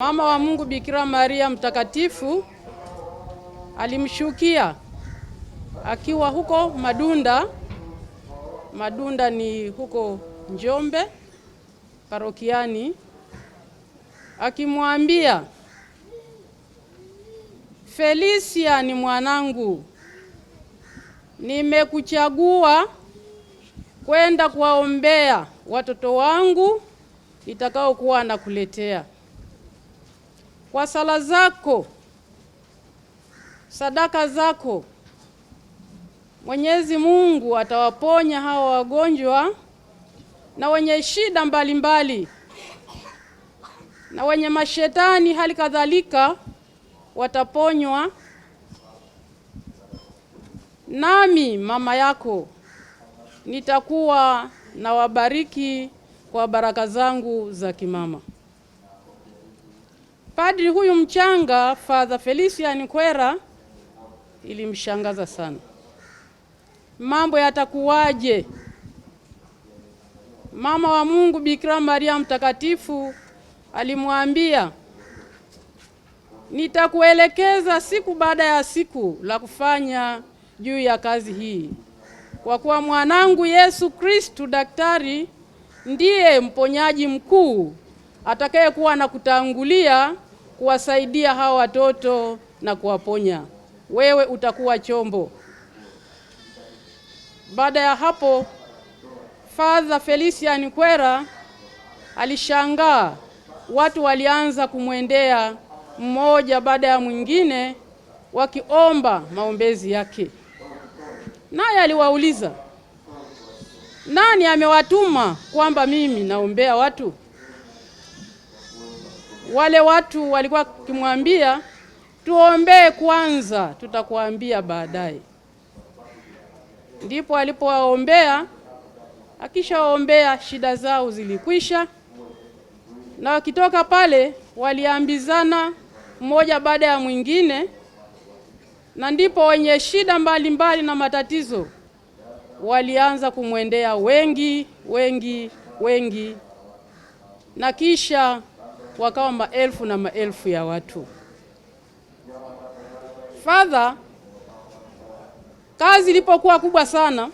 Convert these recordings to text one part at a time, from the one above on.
Mama wa Mungu Bikira Maria mtakatifu alimshukia akiwa huko Madunda. Madunda ni huko Njombe parokiani, akimwambia Felicia, ni mwanangu, nimekuchagua kwenda kuwaombea watoto wangu nitakaokuwa nakuletea kwa sala zako, sadaka zako, Mwenyezi Mungu atawaponya hawa wagonjwa na wenye shida mbalimbali mbali, na wenye mashetani hali kadhalika wataponywa, nami mama yako nitakuwa na wabariki kwa baraka zangu za kimama. Padri huyu mchanga Father Felician Kwera ilimshangaza sana. Mambo yatakuwaje? Mama wa Mungu Bikira Maria mtakatifu alimwambia, nitakuelekeza siku baada ya siku la kufanya juu ya kazi hii, kwa kuwa mwanangu Yesu Kristu daktari ndiye mponyaji mkuu atakayekuwa na kutangulia kuwasaidia hawa watoto na kuwaponya. Wewe utakuwa chombo. Baada ya hapo, fadha Felician Kwera alishangaa watu walianza kumwendea mmoja baada ya mwingine wakiomba maombezi yake, naye aliwauliza, nani amewatuma kwamba mimi naombea watu? wale watu walikuwa wakimwambia tuombee kwanza, tutakuambia baadaye. Ndipo alipowaombea, akishawaombea shida zao zilikwisha, na wakitoka pale waliambizana mmoja baada ya mwingine, na ndipo wenye shida mbalimbali mbali na matatizo walianza kumwendea wengi wengi wengi, na kisha wakawa maelfu na maelfu ya watu. Fadha, kazi ilipokuwa kubwa sana,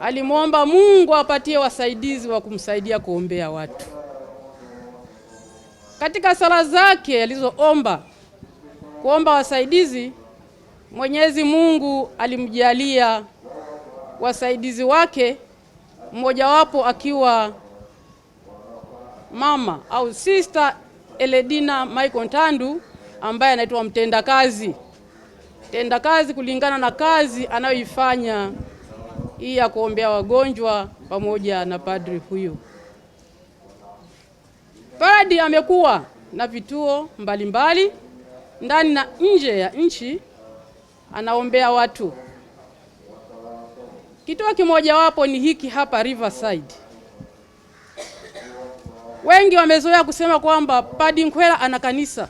alimwomba Mungu apatie wasaidizi wa kumsaidia kuombea watu. Katika sala zake alizoomba kuomba wasaidizi, Mwenyezi Mungu alimjalia wasaidizi wake mmojawapo akiwa mama au sister Eledina Michael Ntandu ambaye anaitwa mtendakazi mtendakazi kulingana na kazi anayoifanya hii ya kuombea wagonjwa pamoja na padri huyu. Padri amekuwa na vituo mbalimbali ndani na nje ya nchi anaombea watu. Kituo kimojawapo ni hiki hapa Riverside. Wengi wamezoea kusema kwamba Padri Nkwera ana kanisa.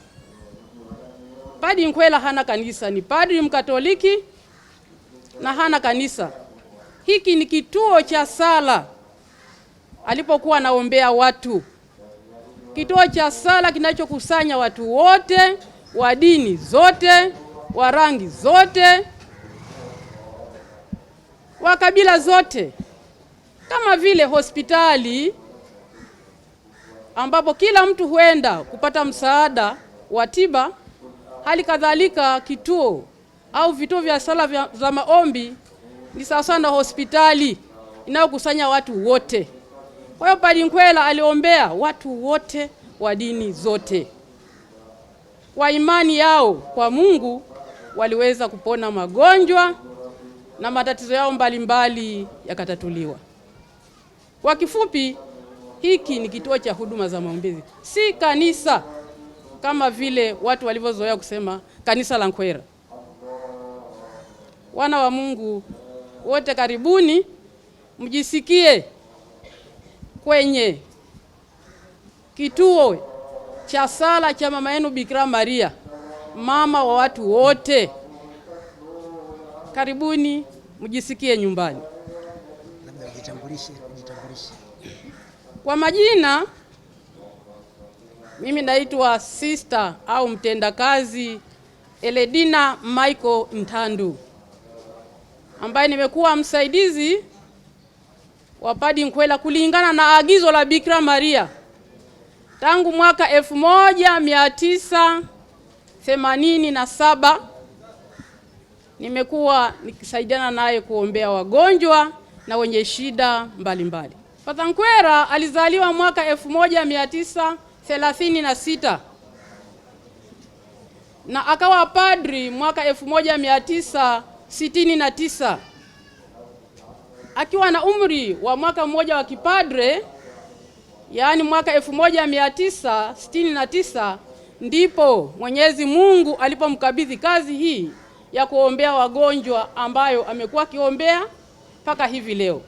Padri Nkwera hana kanisa, ni padri mkatoliki na hana kanisa. Hiki ni kituo cha sala alipokuwa anaombea watu, kituo cha sala kinachokusanya watu wote wa dini zote, wa rangi zote, wa kabila zote, kama vile hospitali ambapo kila mtu huenda kupata msaada wa tiba. Hali kadhalika kituo au vituo vya sala za maombi ni sawasawa na hospitali inayokusanya watu wote. Kwa hiyo Palinkwela aliombea watu wote wa dini zote, kwa imani yao kwa Mungu waliweza kupona magonjwa na matatizo yao mbalimbali yakatatuliwa. Kwa kifupi hiki ni kituo cha huduma za maombezi, si kanisa kama vile watu walivyozoea kusema kanisa la Nkwera. Wana wa Mungu wote, karibuni mjisikie kwenye kituo cha sala cha mama yenu Bikira Maria, mama wa watu wote. Karibuni mjisikie nyumbani. Labda mjitambulishe. Kwa majina mimi naitwa sister au mtendakazi Eledina Michael ntandu ambaye nimekuwa msaidizi wa Padri Nkwela kulingana na agizo la Bikira Maria tangu mwaka 1987 nimekuwa nikisaidiana naye kuombea wagonjwa na wenye shida mbalimbali mbali. Patankwera alizaliwa mwaka 1936 na akawa padri mwaka 1969. Akiwa na umri wa mwaka mmoja wa kipadre, yaani mwaka 1969, ndipo Mwenyezi Mungu alipomkabidhi kazi hii ya kuombea wagonjwa ambayo amekuwa akiombea mpaka hivi leo.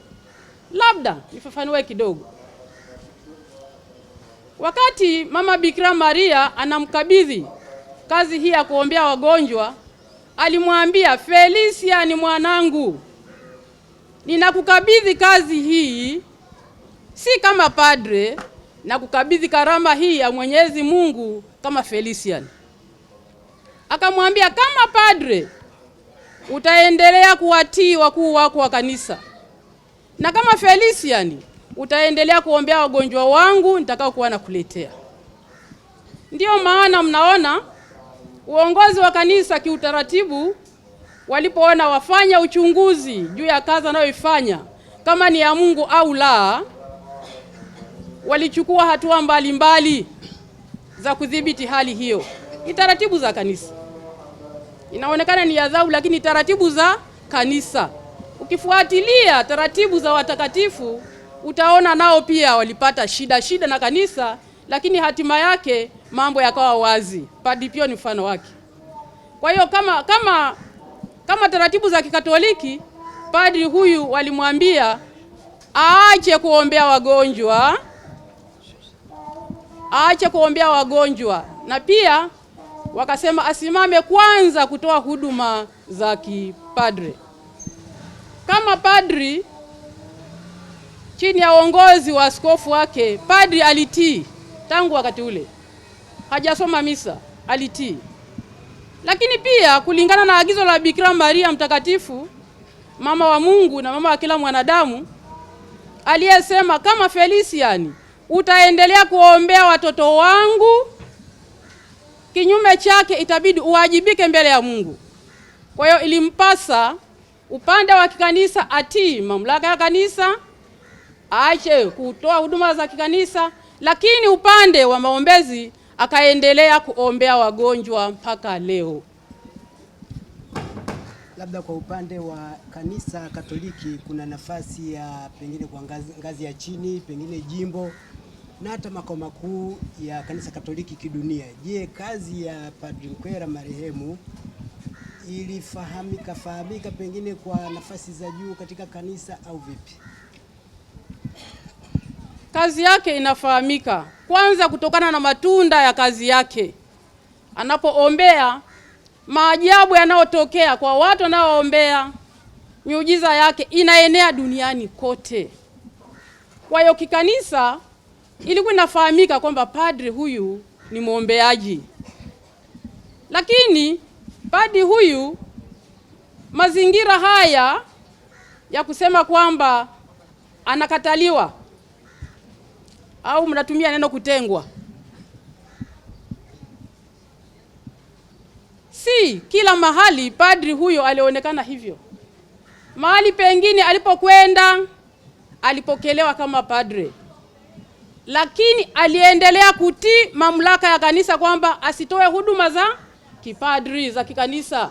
Labda nifafanue kidogo. Wakati Mama Bikira Maria anamkabidhi kazi hii ya kuombea wagonjwa, alimwambia Felicia, ni mwanangu, ninakukabidhi kazi hii, si kama padre na kukabidhi karama hii ya Mwenyezi Mungu kama Felician. Akamwambia, kama padre utaendelea kuwatii wakuu wako wa kanisa na kama Felician utaendelea kuombea wagonjwa wangu nitakao kuwa nakuletea. Ndiyo maana mnaona uongozi wa kanisa kiutaratibu, walipoona wafanya uchunguzi juu ya kazi anayoifanya kama ni ya Mungu au la, walichukua hatua mbalimbali za kudhibiti hali hiyo. Ni taratibu za kanisa, inaonekana ni adhabu, lakini taratibu za kanisa. Ukifuatilia taratibu za watakatifu utaona nao pia walipata shida shida na kanisa, lakini hatima yake mambo yakawa wazi. padri Pio ni mfano wake. Kwa hiyo kama, kama, kama taratibu za Kikatoliki, padri huyu walimwambia aache kuombea wagonjwa, aache kuombea wagonjwa, na pia wakasema asimame kwanza kutoa huduma za kipadre. Kama padri chini ya uongozi wa askofu wake, padri alitii tangu wakati ule, hajasoma misa, alitii. Lakini pia kulingana na agizo la Bikira Maria Mtakatifu, mama wa Mungu na mama wa kila mwanadamu, aliyesema kama Felisiani, utaendelea kuombea watoto wangu, kinyume chake itabidi uwajibike mbele ya Mungu. Kwa hiyo ilimpasa Upande wa kikanisa ati mamlaka ya kanisa aache kutoa huduma za kikanisa, lakini upande wa maombezi akaendelea kuombea wagonjwa mpaka leo. Labda kwa upande wa kanisa Katoliki kuna nafasi ya pengine kwa ngazi, ngazi ya chini pengine jimbo na hata makao makuu ya kanisa Katoliki kidunia. Je, kazi ya Padri Mkwera marehemu ilifahamika fahamika pengine kwa nafasi za juu katika kanisa au vipi? Kazi yake inafahamika kwanza kutokana na matunda ya kazi yake. Anapoombea, maajabu yanayotokea kwa watu wanaoombea, miujiza yake inaenea duniani kote. Kwa hiyo kikanisa ilikuwa inafahamika kwamba padri huyu ni mwombeaji, lakini Badi huyu, mazingira haya ya kusema kwamba anakataliwa au mnatumia neno kutengwa, si kila mahali padri huyo alionekana hivyo. Mahali pengine alipokwenda alipokelewa kama padre, lakini aliendelea kutii mamlaka ya kanisa kwamba asitoe huduma za kipadri za kikanisa